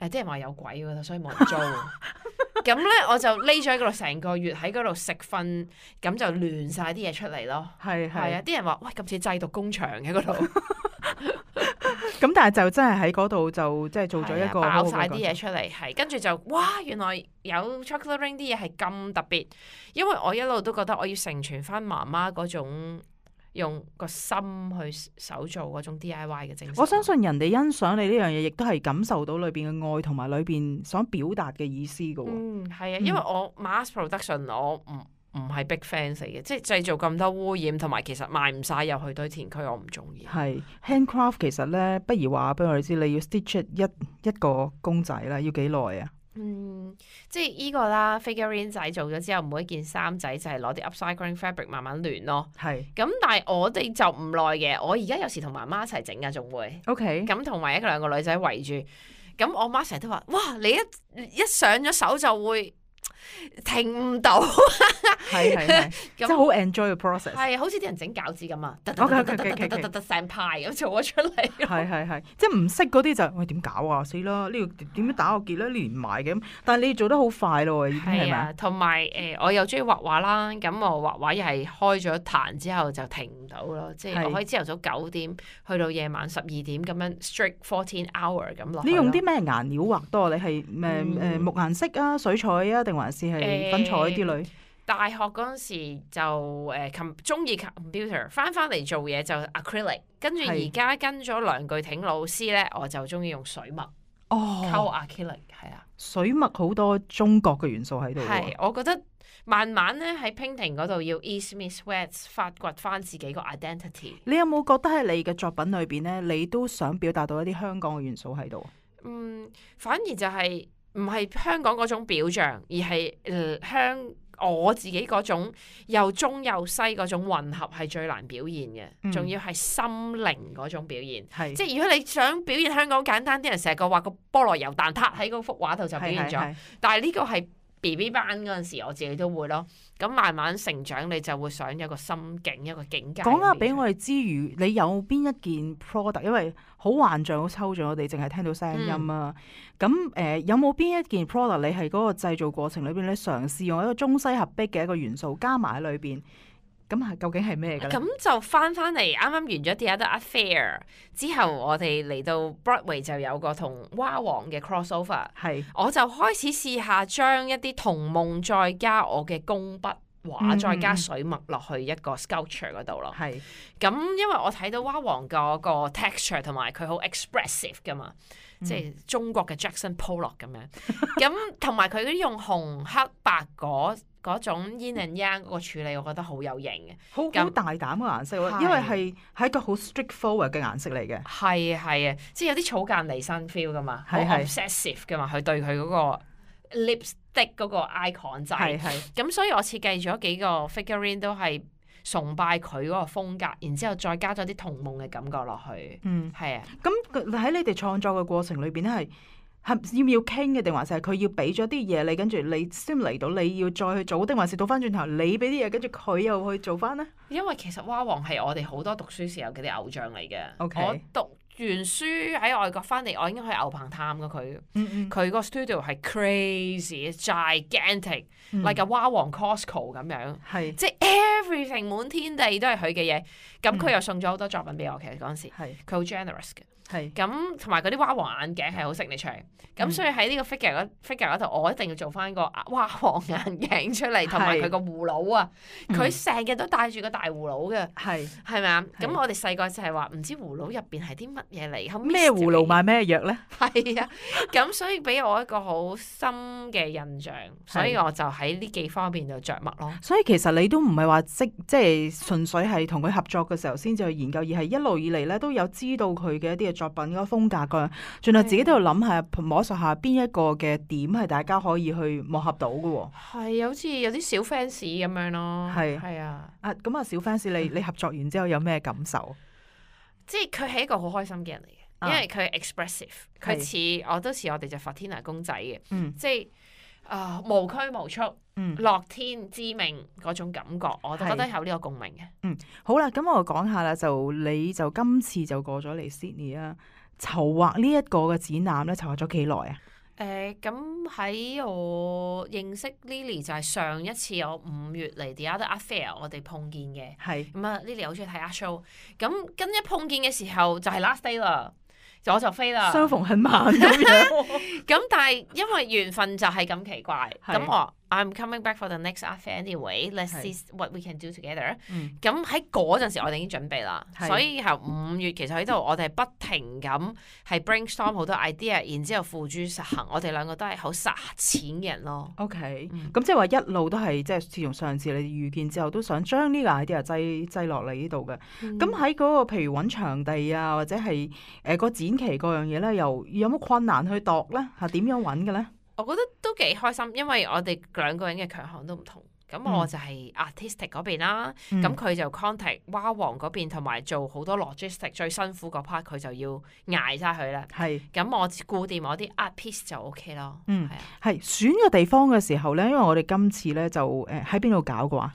誒啲人話有鬼㗎，所以冇人租。咁咧， [laughs] 我就匿咗喺嗰度成個月，喺嗰度食瞓，咁就亂晒啲嘢出嚟咯。係係啊！啲的人話：喂，咁似製毒工場嘅嗰度。咁 [laughs] [laughs] 但係就真係喺嗰度就即係、就是、做咗一個，攪曬啲嘢出嚟，係，跟住就哇，原來有 Chocolate Rain 啲嘢係咁特別，因為我一路都覺得我要成全翻媽媽嗰種。用個心去手做嗰種 D I Y 嘅精神，我相信人哋欣賞你呢樣嘢，亦都係感受到裏邊嘅愛同埋裏邊想表達嘅意思嘅。嗯，係啊，嗯，因為我 Mass Production，我唔唔係 Big Fans 嚟嘅，即係製造咁多污染同埋，其實賣唔晒入去堆填區，我唔中意。係 Handcraft 其實咧，不如話俾我哋知，你要 stitch it 一一個公仔咧，要幾耐啊？嗯，即係依個啦，figurine 仔做咗之後，每一件衫仔就係攞啲 upside green fabric 慢慢亂咯。係是，咁但係我哋就唔耐嘅，我而家有時同媽媽一齊整啊，仲會。OK。咁同埋一個兩個女仔圍住，咁我媽成日都話：「哇，你一一上咗手就會。停唔到、 [laughs] [laughs] 嗯，係係係，真係好 enjoy 個 process。係好似啲人整餃子咁啊，突突突突突突成派咁做咗出嚟。係係係，即係唔識嗰啲就喂、是、點、哎、搞啊死啦？呢度點樣打個結咧？連埋嘅，但係你做得好快咯，已經係嘛？同埋誒，我又中意畫畫啦。咁我畫畫又係開咗彈之後就停唔到咯。即係我可以朝頭早九點去到夜晚十二點咁樣 strict fourteen hour 咁咯。你用啲咩顏料畫多？你係誒誒木顏色啊、水彩啊，定還是？誒分彩啲女、欸，大學嗰陣時就誒，呃、中意 computer，翻翻嚟做嘢就 acrylic，跟住而家跟咗梁巨挺老師咧，我就中意用水墨哦，溝 acrylic 係啊，水墨好多中國嘅元素喺度，係我覺得慢慢咧喺 painting 嗰度要 east meets west，發掘翻自己個 identity。你有冇覺得喺你嘅作品裏邊咧，你都想表達到一啲香港嘅元素喺度？嗯，反而就係、是。唔係香港嗰種表象，而係香我自己嗰種又中又西嗰種混合係最難表現嘅，仲、嗯、要係心靈嗰種表現。係是即係如果你想表現香港，簡單啲人成日個畫個菠蘿油蛋撻喺嗰幅畫度就表現咗，是是是是但係呢個係 BB 班嗰陣時，我自己都會咯。咁慢慢成長，你就會想有個心境，一個境界。講下俾我哋知，如你有冇邊一件 product，因為好幻象，好抽象，我哋淨係聽到聲音啊。咁誒、嗯呃，有冇邊一件 product，你喺嗰個製造過程裏邊咧，你嘗試用一個中西合璧嘅一個元素加埋喺裏邊？咁啊，究竟係咩嘅咧？咁就翻翻嚟，啱啱完咗《The Other Affair》之後，我哋嚟到 Broadway 就有個同蛙王嘅 crossover，係是我就開始試下將一啲童夢再加我嘅工筆。畫再加水墨落去一個 sculpture 嗰度咯，係咁因為我睇到蛙王個個 texture 同埋佢好 expressive 噶嘛，即係中國嘅 Jackson Pollock 咁樣，咁同埋佢嗰啲用紅黑白嗰嗰種 yin and yang 嗰個處理，我覺得好有型嘅，好好大膽個顏色，因為係一個好 strict forward 嘅顏色嚟嘅，係係啊，即係有啲草間彌生 feel 噶嘛，係係，obsessive 噶嘛，佢對佢嗰個 lips。的嗰個 icon 制，咁所以我設計咗幾個 figurine 都係崇拜佢嗰個風格，然之後再加咗啲童夢嘅感覺落去。嗯，係是啊。咁喺你哋創作嘅過程裏邊，係係要唔要傾嘅，定還是係佢要俾咗啲嘢你，跟住你先嚟到你要再去做，定還是倒翻轉頭你俾啲嘢，跟住佢又去做翻呢？因為其實蛙王係我哋好多讀書時候嘅啲偶像嚟嘅。OK，我讀。完書喺外國翻嚟，我已經去牛棚探過佢。佢個 studio 係 crazy gigantic，like 個蛙王 Costco 咁樣。係，即係 everything 滿天地都係佢嘅嘢。咁佢又送咗好多作品俾我。其實嗰陣時，佢好 generous 嘅。係咁，同埋嗰啲蛙王眼鏡係好識你唱，咁所以喺呢個 figure 嗰 figure 度，我一定要做翻個蛙王眼鏡出嚟，同埋佢個葫蘆啊，佢成日都戴住個大葫蘆嘅，係係咪啊？咁我哋細個就係話唔知葫蘆入邊係啲乜嘢嚟，後咩葫蘆賣咩藥咧？係啊，咁所以俾我一個好深嘅印象，所以我就喺呢幾方面就着墨咯。所以其實你都唔係話識，即係純粹係同佢合作嘅時候先至去研究，而係一路以嚟咧都有知道佢嘅一啲嘅。作品嗰風格，佢盡量自己都喺度諗下，的摸索下邊一個嘅點係大家可以去磨合到嘅。係，好似有啲小 fans 咁樣咯。係的，係的啊。啊，咁啊、嗯，小 fans，你你合作完之後有咩感受？即係佢係一個好開心嘅人嚟嘅，因為佢 expressive，佢似我都似我哋隻 Fatina 公仔嘅，嗯，即係啊、呃、無拘無束。嗯，樂天知命嗰種感覺，我都覺得有呢個共鳴嘅。嗯，好啦，咁我講下啦，就你就今次就過咗嚟 Sydney 啦，籌劃呢一個嘅展覽咧，籌劃咗幾耐啊？誒、欸，咁喺我認識 Lily 就係上一次我五月嚟 The Other Art Fair 我哋碰見嘅，係咁是、嗯、啊，Lily 好中意睇阿 show，咁跟一碰見嘅時候就係 last day 啦，就我就飛啦，相逢恨晚咁樣，咁但係因為緣分就係咁奇怪，咁我。I'm coming back for the next event anyway. Let's 是 see what we can do together. 咁喺嗰陣時，我哋已經準備啦。是所以係五月，其實喺度我哋係不停咁係 brainstorm 好多 idea，然之後付諸實行。我哋兩個都係好撒錢嘅人咯。OK，咁、嗯、即係話一路都係即係，自從上次你遇見之後，都想將呢個 idea 擠落嚟呢度嘅。咁喺嗰個譬如揾場地啊，或者係誒、呃嗰個展期各樣嘢咧，又有乜困難去度咧？係點樣揾嘅咧？我覺得都幾開心，因為我哋兩個人嘅強項都唔同。咁我就係 artistic 嗰邊啦，咁佢就 contact 蛙王嗰邊，同埋、嗯、做好多 logistic 最辛苦嗰 part，佢就要捱晒佢啦。係是，咁我顧掂我啲 art piece 就 OK 咯。嗯，係、啊。選個地方嘅時候咧，因為我哋今次咧就誒喺邊度搞過呀？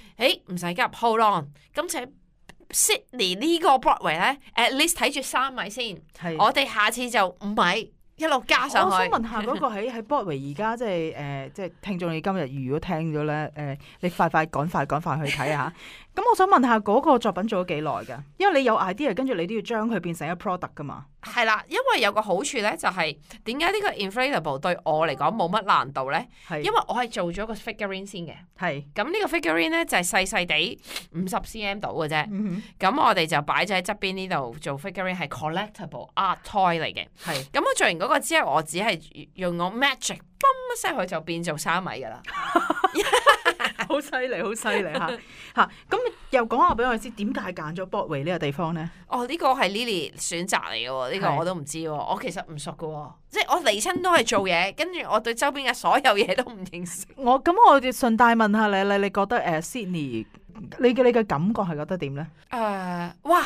誒，唔使、欸、急，hold on。咁請 Sydney 呢個 Broadway 咧，at least 睇住三米先。是我哋下次就五米，一路加上去。我想問下嗰個喺喺 Broadway 而家即係誒，即係、 [laughs] 呃、聽眾你今日如果聽咗咧，誒、呃，你快快趕快趕快去睇下。咁 [laughs] 我想問下嗰個作品做咗幾耐噶？因為你有 idea，跟住你都要將佢變成一個 product 噶嘛。係啦，因為有個好處咧，就係點解呢個 inflatable 對我嚟講冇乜難度咧？是因為我係做咗個 figurine 先嘅。係是。咁呢個 figurine 咧就係細細地五十 cm 到嘅啫。咁、嗯、哼我哋就擺咗喺側邊呢度做 figurine 係 collectible art toy 嚟嘅。係是。咁我做完嗰個之後，我只係用我 magic，嘣一聲佢就變做三米㗎啦。 [laughs] [laughs] 好犀利，好犀利吓吓！咁、 [laughs] 啊、又講下俾我知，點解揀咗 Botway 呢個地方咧？哦，呢、這個係 Lily 選擇嚟嘅，呢、這個我都唔知，是的 我其實唔熟嘅，即係我嚟親都係做嘢，跟住 [laughs] 我對周邊嘅所有嘢都唔認識。我咁，我就順帶問下你，你你覺得誒、uh,Sydney 你嘅你嘅感覺係覺得點咧？誒，uh, 哇！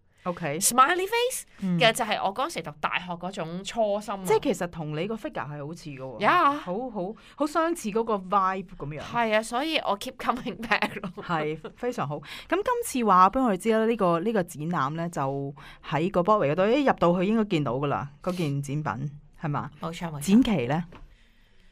O.K. Smiley face，其實、嗯、就係我嗰陣時讀大學嗰種初心，即係其實同你個 figure 係好似嘅喎，好好好相似嗰個 vibe 咁樣。係啊，所以我 keep coming back 咯。係，非常好。咁今次話俾我哋知啦，呢個呢個展覽咧就喺個 boy 嗰度，一入到去應該見到噶啦，嗰件展品係嘛？冇 [laughs] 錯，展期咧。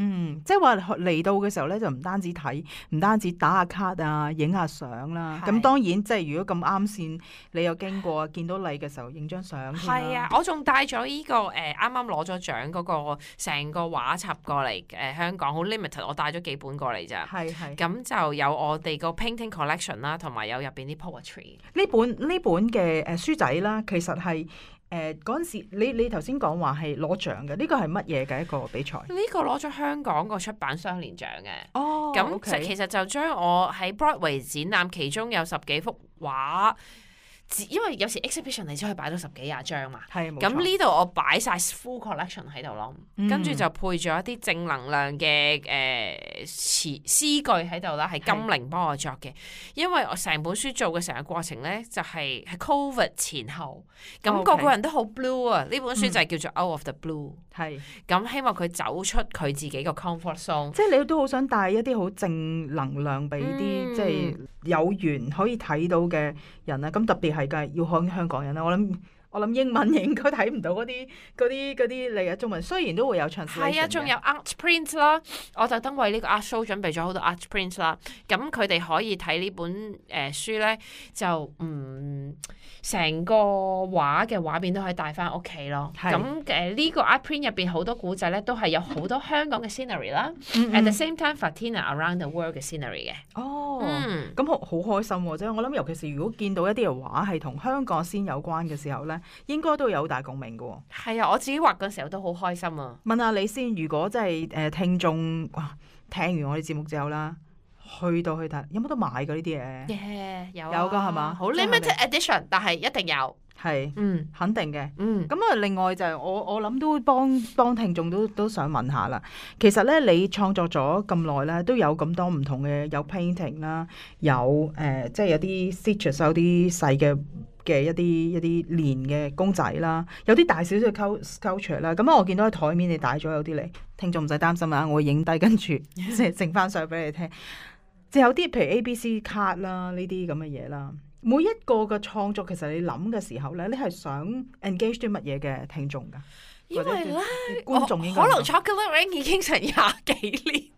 嗯，即係話嚟到嘅時候咧，就唔單止睇，唔單止打下卡啊，影下相啦、啊。咁是當然，即係如果咁啱先，你又經過、啊、見到你嘅時候、啊，影張相。係啊，我仲帶咗依、這個誒，啱啱攞咗獎嗰個成個畫冊過嚟誒、呃，香港好 limited，我帶咗幾本過嚟咋。係係。咁就有我哋個 painting collection 啦、啊，同埋有入邊啲 poetry。呢本呢本嘅誒、呃、書仔啦，其實係。誒嗰陣時，你你頭先講話係攞獎嘅，呢個係乜嘢嘅一個比賽？呢個攞咗香港個出版商聯獎嘅。哦、oh,，咁 okay, 其實就將我喺 Broadway 展覽其中有十幾幅畫。因為有時 exhibition 你只可以擺到十幾廿張嘛，係咁呢度我擺曬 full collection 喺度咯，跟住、嗯、就配咗一啲正能量嘅誒、呃、詞詩句喺度啦，係金玲幫我作嘅。是因為我成本書做嘅成個過程咧，就係、是、係 Covid 前後，感、那、覺、個、個人都好 blue 啊！呢、啊 okay, 本書就係叫做 Out、嗯、of the Blue 是。係，咁希望佢走出佢自己個 comfort zone。即係你都好想帶一啲好正能量俾啲、嗯、即係有緣可以睇到嘅人啊！咁特別。梗係要看香港人啦，我諗。我諗英文應該睇唔到嗰啲嗰啲嗰啲嚟啊！中文雖然都會有 translation，係啊，仲有 art print 啦，我特登為呢個 art show 準備咗好多 art print 啦。咁佢哋可以睇呢本誒書咧，就唔成、嗯、個畫嘅畫面都可以帶翻屋企咯。咁誒是呢個 art print 入邊好多古仔咧，都係有好多香港嘅 scenery 啦 [laughs] ，at the same time f a t [laughs] i n a around the world 嘅 scenery 嘅。哦、咁、嗯、好好開心喎、啊！即係我諗，尤其是如果見到一啲嘅畫係同香港先有關嘅時候咧。應該都有大共鳴嘅，係啊！我自己畫嘅時候都好開心啊！問下你先，如果即係誒聽眾哇，聽完我哋節目之後啦，去到去睇有冇得買嘅呢啲嘢？有有嘅係嘛？Limited 好是是 edition，但係一定有係，是嗯，肯定嘅，嗯。咁啊，另外就係、是、我我諗都幫幫聽眾都都想問下啦。其實咧，你創作咗咁耐咧，都有咁多唔同嘅有 painting 啦，有誒、呃，即係有啲 sculpture，有啲細嘅。嘅一啲一啲連嘅公仔啦，有啲大少少嘅 culture 啦。咁啊，我見到喺台面你帶咗，有啲嚟聽眾唔使擔心啊，我影低跟住剩剩翻相俾你聽。仲有啲譬如 A B C card 啦呢啲咁嘅嘢啦。每一個嘅創作其實你諗嘅時候咧，你係想 engage 啲乜嘢嘅聽眾噶？因為咧觀眾可能 chocolate rain 已經成廿幾年。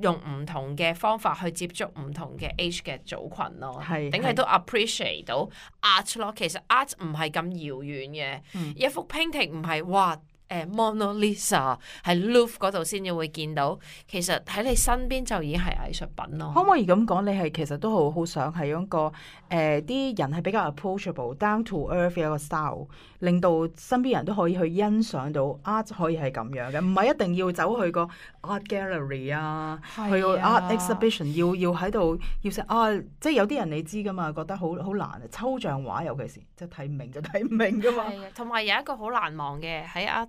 用唔同嘅方法去接觸唔同嘅 age 嘅組群咯，定係是都 appreciate 到 art 咯。其實 art 唔係咁遙遠嘅，嗯、一幅 painting 唔係哇。誒《蒙娜麗莎》係 Louvre 嗰度先至會見到，其實喺你身邊就已經係藝術品咯。可唔可以咁講，你係其實都好好想係用個誒啲、呃、人係比較 approachable、down to earth 一個 style，令到身邊人都可以去欣賞到 art 可以係咁樣嘅，唔係一定要走去個 art gallery 啊，啊去個 art exhibition、啊、要要喺度要食啊！即係有啲人你知噶嘛，覺得好好難啊！抽象畫尤其是，即係睇唔明就睇唔明噶嘛。同埋、啊、有一個好難忘嘅喺 art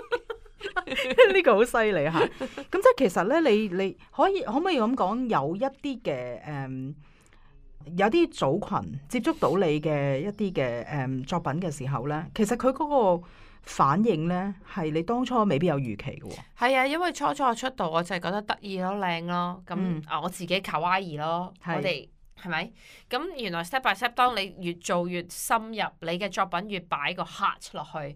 呢 [laughs] 個好犀利吓，咁 [laughs] 即係其實咧，你你可以可唔可以咁講，有一啲嘅，誒，有啲組群接觸到你嘅一啲嘅，誒作品嘅時候咧，其實佢嗰個反應咧，係你當初未必有預期嘅。係啊，因為初初我出道，我就係覺得得意咯、靚咯，咁、嗯、啊我自己卡哇伊咯，是我哋係咪？咁原來 step by step，當你越做越深入，你嘅作品越擺個 heart 落去。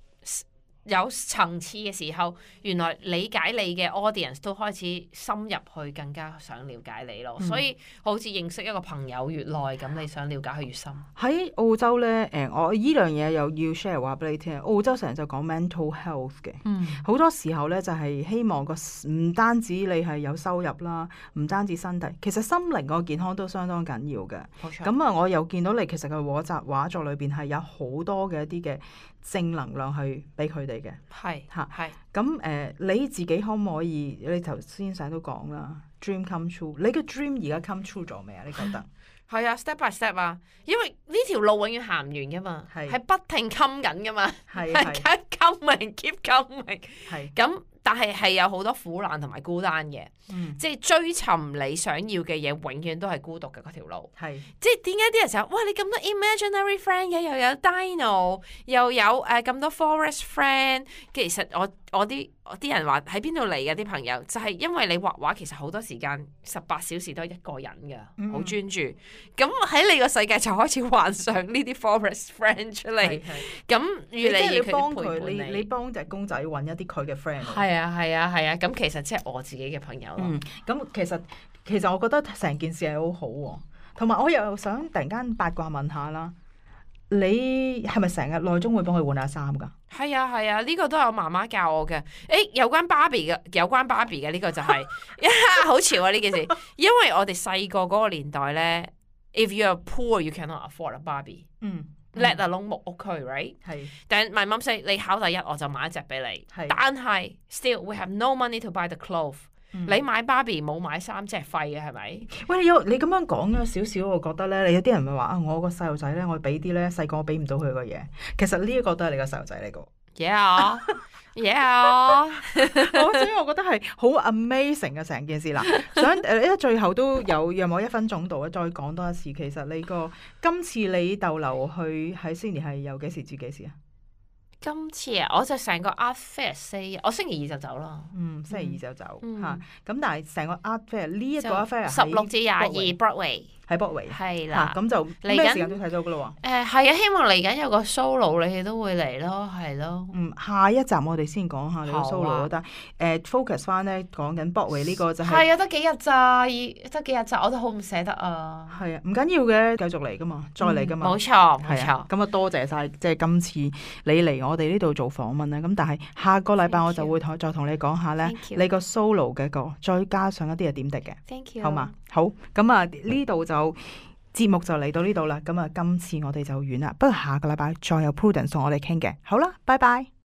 有層次嘅時候，原來理解你嘅 audience 都開始深入去，更加想了解你咯。嗯、所以好似認識一個朋友越耐，咁你想了解佢越深。喺澳洲咧，誒、呃，我依樣嘢又要 share 話俾你聽。澳洲成日就講 mental health 嘅，好、嗯、多時候咧就係、是、希望、個唔單止你係有收入啦，唔單止身體，其實心靈個健康都相當緊要嘅。咁啊錯，我又見到你其實個畫集畫作裏邊係有好多嘅一啲嘅。正能量去俾佢哋嘅，係嚇是，係咁誒，你自己可唔可以？你頭先成日都講啦，dream come true，你嘅 dream 而家 come true 咗未啊？你覺得係啊，step by step 啊，因為呢條路永遠行唔完噶嘛，係是不停 come 緊噶嘛，係 [laughs] keep coming，keep coming，係咁、嗯。但係係有好多苦難同埋孤單嘅，嗯、即係追尋你想要嘅嘢，永遠都係孤獨嘅嗰條路。係是，即係點解啲人就話：哇！你咁多 imaginary friend 嘅，又有 Dino，又有誒咁、啊、多 forest friend。其實我我啲啲人話喺邊度嚟嘅啲朋友，就係、是、因為你畫畫其實好多時間十八小時都一個人㗎，好、嗯、專注。咁喺你個世界就開始幻想呢啲 forest friend 出嚟。咁如果你要幫佢，你你幫隻公仔揾一啲佢嘅 friend。係啊係啊係啊，咁、啊啊、其實即係我自己嘅朋友咯。咁、嗯、其實其實我覺得成件事係好好、啊、喎，同埋我又想突然間八卦問下啦，你係咪成日內中會幫佢換下衫噶？係啊係啊，呢、啊呢個都係我媽媽教我嘅。誒、欸，有關芭比嘅，有關芭比嘅呢個就係、是、啊 [laughs] [laughs] 好潮啊呢件事，因為我哋細個嗰個年代咧 [laughs] ，if you are poor you cannot afford a Barbie。嗯。Mm. Let alone 木屋區，right？係 Yes.。但係 my mum say 你考第一我就買一隻俾你，但係 Yes. still we have no money to buy the cloth、mm. 你買芭比冇買衫即係廢嘅，係咪？喂，有你咁樣講咗少少，我覺得咧，你有啲人咪話啊，我個細路仔咧，我俾啲咧細個我俾唔到佢嘅嘢。其實呢一個都係你個細路仔嚟噶。Yeah，yeah，所以我覺得係好 amazing 嘅成件事嗱，想一最後都有有冇一分鐘度啊？再講多一次，其實你個今次你逗留去喺 Sydney 係由幾時至幾時啊？今次啊，我就成個 Art Fair 四日，我星期二就走啦。嗯，星期二就走吓，咁、嗯嗯、但係成個 Art Fair 呢、嗯、一個 Art Fair 十六至廿二 Broadway。喺博偉，係啦的，咁、啊、就時間都睇到噶啦喎。誒、係、呃、啊，希望嚟緊有個 solo，你哋都會嚟咯，係咯。嗯，下一集我哋先講下你個 solo，得誒 focus 翻，咧，講緊博偉呢個就係、是。係啊，得幾日咋？得幾日咋？我都好唔捨得啊。係啊，唔緊要嘅，繼續嚟噶嘛，再嚟噶嘛。冇錯、嗯，係啊。咁啊的，多錯謝晒，即、就、係、是、今次你嚟我哋呢度做訪問咧。咁、嗯、但係下個禮拜我就會同再同你講下咧，Thank you. 你個 solo 嘅個，再加上一啲嘢點滴嘅。Thank you 好。好嘛。好，咁啊呢度就節目就嚟到呢度啦，咁啊今次我哋就完啦，不過下個禮拜再有 Prudence 同我哋傾嘅，好啦，拜拜。